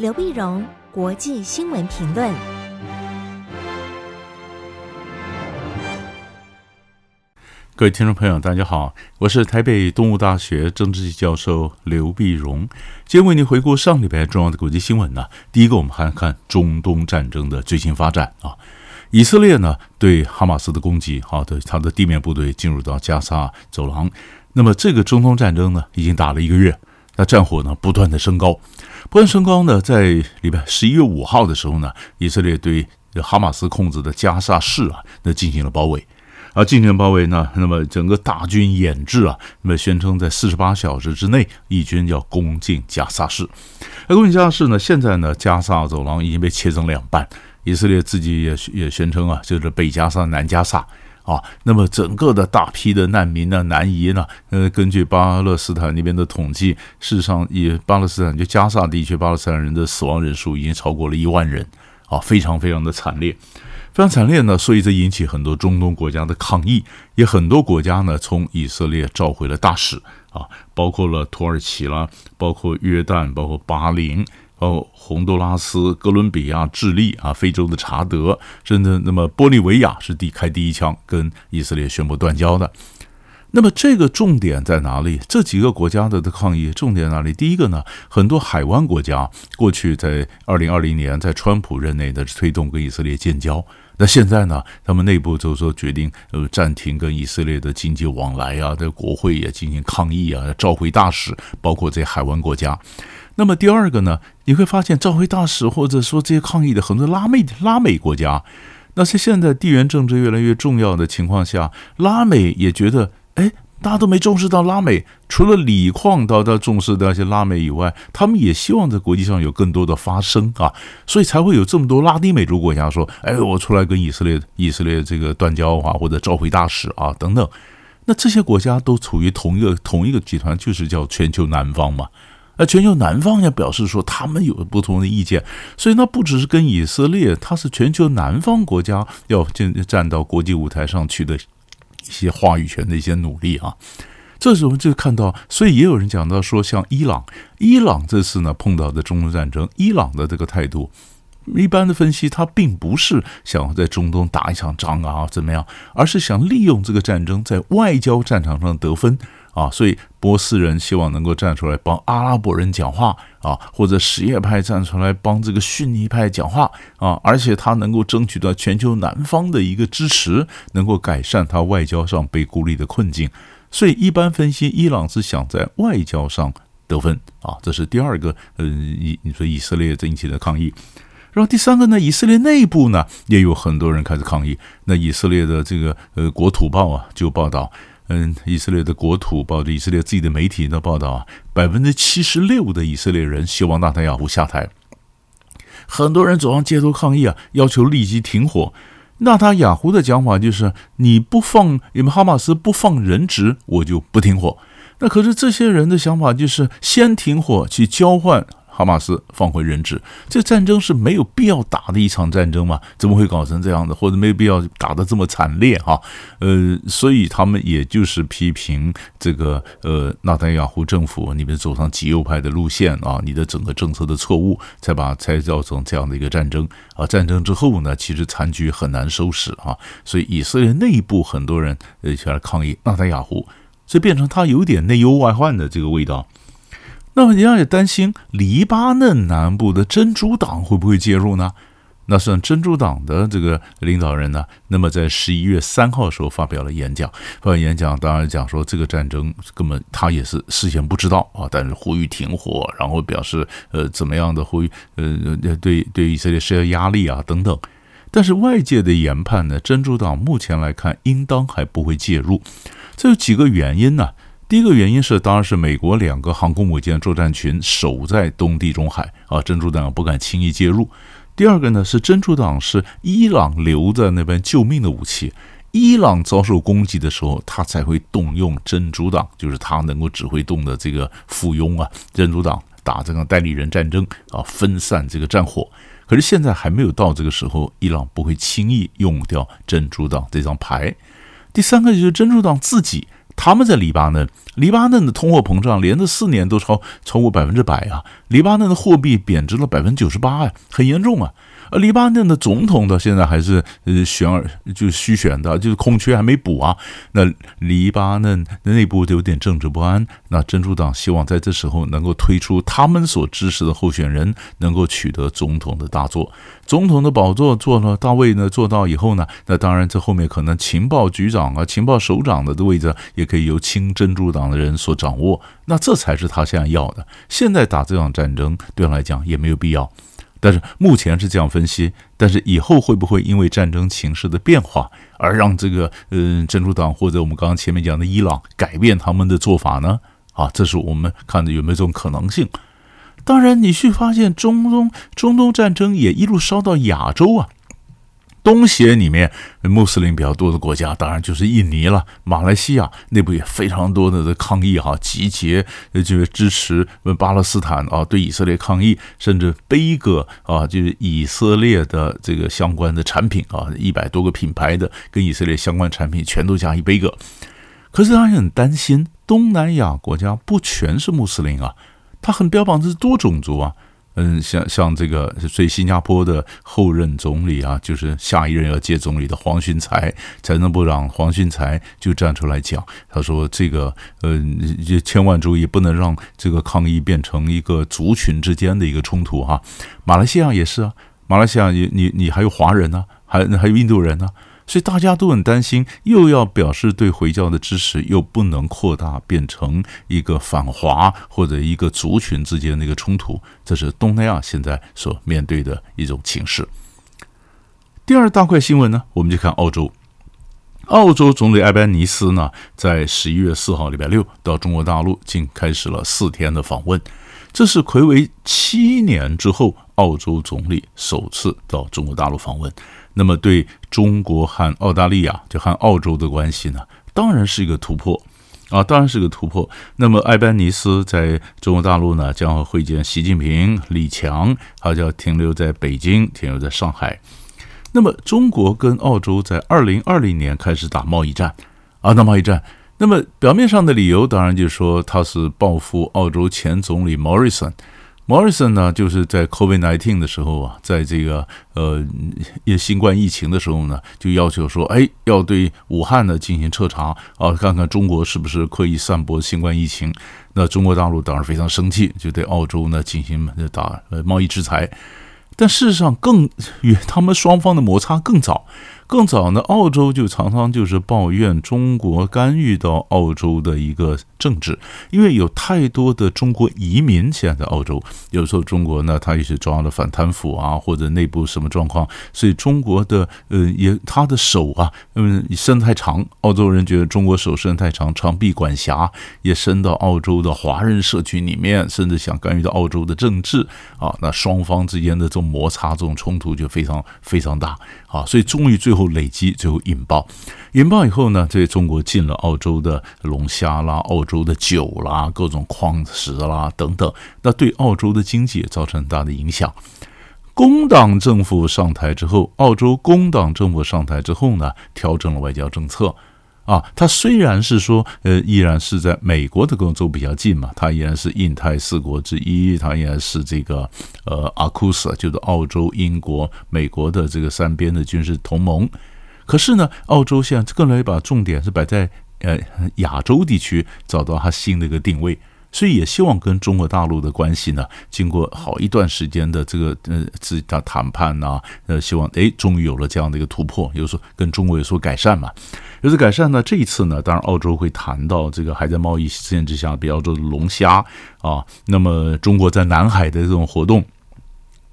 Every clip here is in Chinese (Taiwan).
劉必榮，國際新聞評論。各位聽眾朋友，大家好，我是台北東吳大學政治系教授劉必榮，今天為您回顧上禮拜重要的國際新聞呢。第一個，我們看看中東戰爭的最新發展啊，以色列呢對哈馬斯的攻擊啊，對他的地面部隊進入到加沙走廊，那麼這個中東戰爭呢已經打了一個月。那戰火呢，不斷的升高，不斷升高呢，在禮拜十一月五號的時候呢，以色列對哈瑪斯控制的加薩市啊,那進行了包圍，而進行包圍呢，那麼整個大軍掩至啊,那麼宣稱在四十八小時之內，以軍要攻進加薩市。那攻進加薩市呢，現在呢，加薩走廊已經被切成兩半，以色列自己也也宣稱啊，就是北加薩、南加薩。啊，那麼整個的大批的難民呢南移呢，呃，根據巴勒斯坦那邊的統計，事實上，以巴勒斯坦就加沙地區，巴勒斯坦人的死亡人數已經超過了一萬人，啊，非常非常的慘烈，非常慘烈呢。所以這引起很多中東國家的抗議，也很多國家呢從以色列召回了大使，啊，包括了土耳其啦，包括約旦，包括巴林。哦，洪都拉斯、哥倫比亞、智利啊，非洲的查德，甚至那麼玻利維亞是第開第一槍跟以色列宣布斷交的。那麼這個重點在哪裡？這幾個國家的，的抗議重點在哪裡？第一個呢，很多海灣國家過去在二零二零年在川普任內的推動跟以色列建交，那現在呢，他們內部就是說決定呃暫停跟以色列的經濟往來啊，在國會也進行抗議啊，召回大使，包括在海灣國家。那麼第二個呢？你會發現，召回大使或者說這些抗議的很多拉美拉美國家，那是現在地緣政治越來越重要的情況下，拉美也覺得，哎，大家都沒重視到拉美，除了鋰礦到到重視那些拉美以外，他們也希望在國際上有更多的發聲啊，所以才會有這麼多拉丁美洲國家說，哎，我出來跟以色列以色列這個斷交啊，或者召回大使啊等等，那這些國家都處於同一個同一個集團，就是叫全球南方嘛。那全球南方也表示說，他們有不同的意見，所以那不只是跟以色列，它是全球南方國家要進站到國際舞台上取得一些話語權的一些努力啊。這時候就看到，所以也有人講到說，像伊朗，伊朗這次呢碰到的中東戰爭，伊朗的這個態度，一般的分析，他並不是想要在中東打一場仗啊怎麼樣，而是想利用這個戰爭在外交戰場上得分。啊，所以波斯人希望能夠站出來幫阿拉伯人講話啊，或者什葉派站出來幫這個遜尼派講話啊，而且他能夠爭取到全球南方的一個支持，能夠改善他外交上被孤立的困境。所以，一般分析，伊朗是想在外交上得分啊，這是第二個。嗯、呃，以你說以色列引起的抗議，然後第三個呢，以色列內部呢也有很多人開始抗議。那以色列的這個呃國土報啊就報道。嗯，以色列的國土，包括以色列自己的媒體的報道啊，百分之七十六的以色列人希望納塔雅胡下台，很多人走上街頭抗議啊，要求立即停火。納塔雅胡的講法就是，你不放你們哈馬斯不放人質，我就不停火。那可是這些人的想法就是，先停火去交換。哈馬斯放回人質，這戰爭是沒有必要打的一場戰爭嘛？怎麼會搞成這樣的？或者沒必要打得這麼慘烈哈、啊？呃，所以他們也就是批評這個呃，納坦雅胡政府，你們走上極右派的路線啊，你的整個政策的錯誤，才把才造成這樣的一個戰爭啊。戰爭之後呢，其實殘局很難收拾啊。所以以色列內部很多人呃起來抗議納坦雅胡，這變成他有點內憂外患的這個味道。那麼，人家也擔心黎巴嫩南部的真主黨會不會介入呢？那像真主黨的這個領導人呢？那麼，在十一月三號的時候發表了演講，發表演講當然講說這個戰爭根本他也是事先不知道啊，但是呼籲停火，然後表示呃怎麼樣的呼籲呃對對以色列施加壓力啊等等。但是外界的研判呢，真主黨目前來看應當還不會介入，這有幾個原因呢？第一個原因是，當然是美國兩個航空母艦作戰群守在東地中海啊，真主黨不敢輕易介入。第二個呢，是真主黨是伊朗留在那邊救命的武器，伊朗遭受攻擊的時候，他才會動用真主黨，就是他能夠指揮動的這個附庸啊，真主黨打這個代理人戰爭啊，分散這個戰火。可是現在還沒有到這個時候，伊朗不會輕易用掉真主黨這張牌。第三個就是真主黨自己。他們在黎巴嫩，黎巴嫩的通貨膨脹連着四年都超超過百分之百啊。黎巴嫩的貨幣貶值了百分之九十八呀，很嚴重啊。而黎巴嫩的總統到現在還是呃懸，就虛懸的，就是空缺還沒補啊。那黎巴嫩的內部就有點政治不安。那真主黨希望在這時候能夠推出他們所支持的候選人，能夠取得總統的大座。總統的寶座坐了，大位呢坐到以後呢，那當然這後面可能情報局長啊、情報首長的位置也可以由親真主黨的人所掌握。那這才是他現在要的。現在打這場戰爭對他來講也沒有必要。但是目前是這樣分析，但是以後會不會因為戰爭情勢的變化而讓這個嗯，真主黨或者我們剛剛前面講的伊朗改變他們的做法呢？啊，這是我們看的有沒有這種可能性。當然，你去發現中東中東戰爭也一路燒到亞洲啊。東協裡面穆斯林比較多的國家，當然就是印尼了，馬來西亞內部也非常多的抗議哈、啊，集結呃，就是支持巴勒斯坦啊，對以色列抗議，甚至杯葛啊，就是以色列的這個相關的產品啊，一百多個品牌的跟以色列相關產品全都加以杯葛。可是他很擔心東南亞國家不全是穆斯林啊，他很標榜這是多種族啊。嗯，像像這個，所以新加坡的候任總理啊，就是下一任要接總理的黃循財，財政部長黃循財就站出來講，他說這個，呃，千萬注意，不能讓這個抗議變成一個族群之間的一個衝突哈、啊。馬來西亞也是啊，馬來西亞你你你還有華人呢、啊，還有還有印度人呢、啊。所以大家都很擔心，又要表示對回教的支持，又不能擴大變成一個反華或者一個族群之間的一個衝突，這是東南亞現在所面對的一種情勢。第二大塊新聞呢，我們就看澳洲。澳洲總理艾班尼斯呢，在十一月四號，禮拜六到中國大陸，竟開始了四天的訪問。這是暌違七年之後，澳洲總理首次到中國大陸訪問。那麼對中國和澳大利亞，就和澳洲的關係呢，當然是一個突破啊，當然是個突破。那麼艾班尼斯在中國大陸呢，將會會見習近平、李強，他就要停留在北京，停留在上海。那麼中國跟澳洲在二零二零年開始打貿易戰啊，打貿易戰。那麼表面上的理由，當然就是說他是報復澳洲前總理 Morrison。莫里森呢，就是在 COVID-19 的時候啊，在這個呃新冠疫情的時候呢，就要求說，哎，要對武漢呢進行徹查啊，看看中國是不是可以散播新冠疫情。那中國大陸當時非常生氣，就對澳洲呢進行打貿易制裁。但事實上更，更與他們雙方的摩擦更早。更早呢，澳洲就常常就是抱怨中國干預到澳洲的一個政治，因為有太多的中國移民現在在澳洲，有時候中國呢，他也是抓了反貪腐啊，或者內部什麼狀況，所以中國的呃也他的手啊，嗯伸太長，澳洲人覺得中國手伸太長，長臂管轄也伸到澳洲的華人社區裡面，甚至想干預到澳洲的政治啊，那雙方之間的這種摩擦、這種衝突就非常非常大啊，所以終於最後。後累積最後引爆，引爆以後呢，這中國禁了澳洲的龍蝦啦、澳洲的酒啦、各種礦石啦等等，那對澳洲的經濟也造成很大的影響。工黨政府上台之後，澳洲工黨政府上台之後呢，調整了外交政策。啊，他雖然是說，呃，依然是在美國的工作比較近嘛，他依然是印太四國之一，他依然是這個呃，阿庫斯就是澳洲、英國、美國的這個三邊的軍事同盟。可是呢，澳洲現在更來把重點是擺在呃亞洲地區，找到它新的一個定位。所以也希望跟中國大陸的關係呢，經過好一段時間的這個呃，自己的談判吶、啊，呃，希望哎，終於有了這樣的一個突破，也就是說跟中國有所改善嘛。有所改善呢，這一次呢，當然澳洲會談到這個還在貿易限制下，比澳洲的龍蝦啊，那麼中國在南海的這種活動。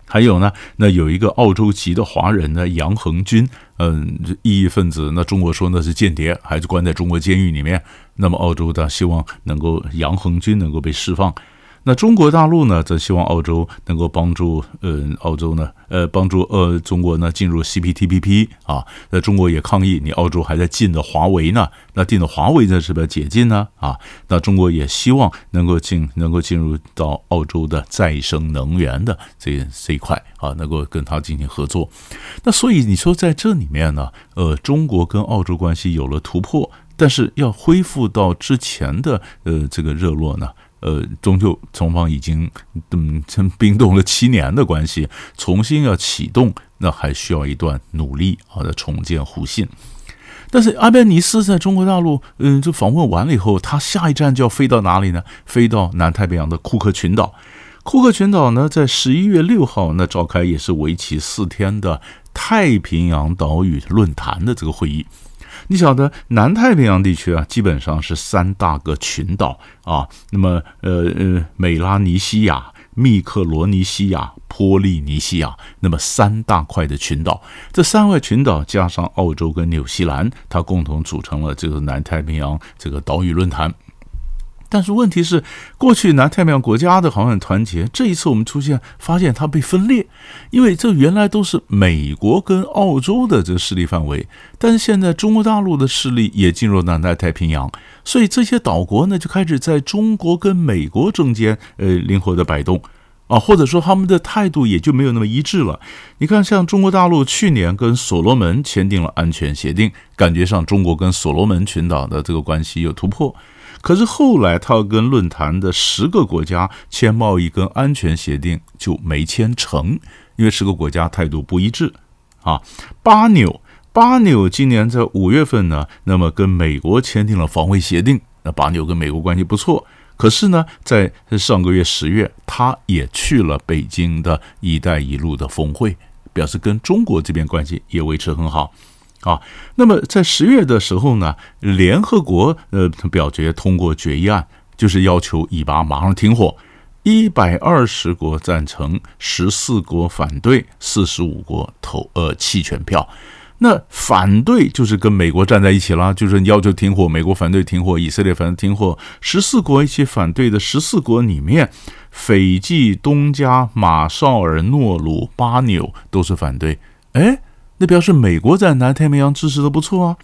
還有呢，那有一個澳洲籍的華人呢，楊恆均，嗯，異議分子，那中國說那是間諜，還是關在中國監獄裡面。那麼澳洲的希望能夠楊恆均能夠被釋放。那中國大陸呢？則希望澳洲能夠幫助，嗯、呃，澳洲呢，呃，幫助呃中國呢進入 CPTPP 啊。那中國也抗議你澳洲還在禁的華為呢，那禁的華為呢是不是解禁呢？啊，那中國也希望能夠進，能夠進入到澳洲的再生能源的這這一塊啊，能夠跟它進行合作。那所以你說在這裡面呢，呃，中國跟澳洲關係有了突破，但是要恢復到之前的呃這個熱絡呢？呃，終究，雙方已經嗯，曾冰凍了七年的關係，重新要啟動，那還需要一段努力好的、啊、重建互信。但是，艾班尼斯在中國大陸，嗯，就訪問完了以後，他下一站就要飛到哪裡呢？飛到南太平洋的庫克群島。庫克群島呢，在十一月六號呢，那召開也是為期四天的太平洋島嶼論壇的這個會議。你曉得南太平洋地區啊，基本上是三大個群島啊。那麼，呃呃，美拉尼西亞、密克羅尼西亞、波利尼西亞，那麼三大塊的群島。這三塊群島加上澳洲跟紐西蘭，它共同組成了這個南太平洋這個島嶼論壇。但是問題是，過去南太平洋國家的好像很團結，這一次我們出現發現它被分裂，因為這原來都是美國跟澳洲的這個勢力範圍，但是現在中國大陸的勢力也進入南太平洋，所以這些島國呢就開始在中國跟美國中間呃靈活的擺動啊，或者說他們的態度也就沒有那麼一致了。你看，像中國大陸去年跟所羅門簽訂了安全協定，感覺上中國跟所羅門群島的這個關係有突破。可是後來，他跟論壇的十個國家簽貿易跟安全協定就沒簽成，因為十個國家態度不一致。啊，巴紐，巴紐今年在五月份呢，那麼跟美國簽訂了防衛協定。那巴紐跟美國關係不錯，可是呢，在上個月十月，他也去了北京的一帶一路的峰會，表示跟中國這邊關係也維持很好。啊，那麼在十月的時候呢，聯合國呃表決通過決議案，就是要求以巴馬上停火，一百二十國贊成，十四國反對，四十五國投呃棄權票。那反對就是跟美國站在一起了，就是要求停火，美國反對停火，以色列反對停火，十四國一起反對的十四國裡面，斐濟、東加、馬紹爾、諾魯、巴紐都是反對，哎。那表示美國在南太平洋支持的不錯啊，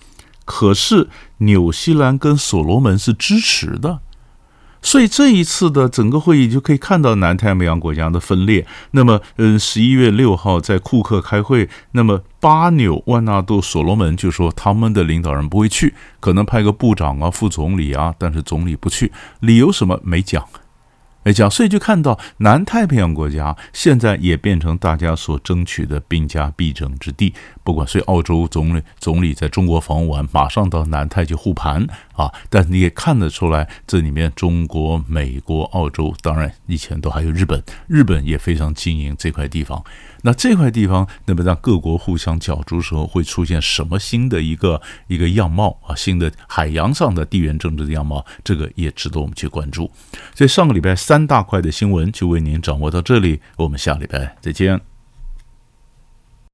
可是紐西蘭跟所羅門是支持的，所以這一次的整個會議就可以看到南太平洋國家的分裂。那麼，嗯，十一月六號在庫克開會，那麼巴紐、萬納杜所羅門就說他們的領導人不會去，可能派個部長啊、副總理啊，但是總理不去，理由什麼？沒講。哎，所以就看到南太平洋國家現在也變成大家所爭取的兵家必爭之地。不管，所以澳洲總理總理在中國訪問完，馬上到南太去護盤啊！但是你也看得出來，這裡面中國、美國、澳洲，當然以前都還有日本，日本也非常經營這塊地方。那這塊地方，那麼讓各國互相角逐時候，會出現什麼新的一個一個樣貌啊？新的海洋上的地緣政治的樣貌，這個也值得我們去關注。所以上個禮拜三大塊的新聞就為您掌握到這裡，我們下個禮拜再見。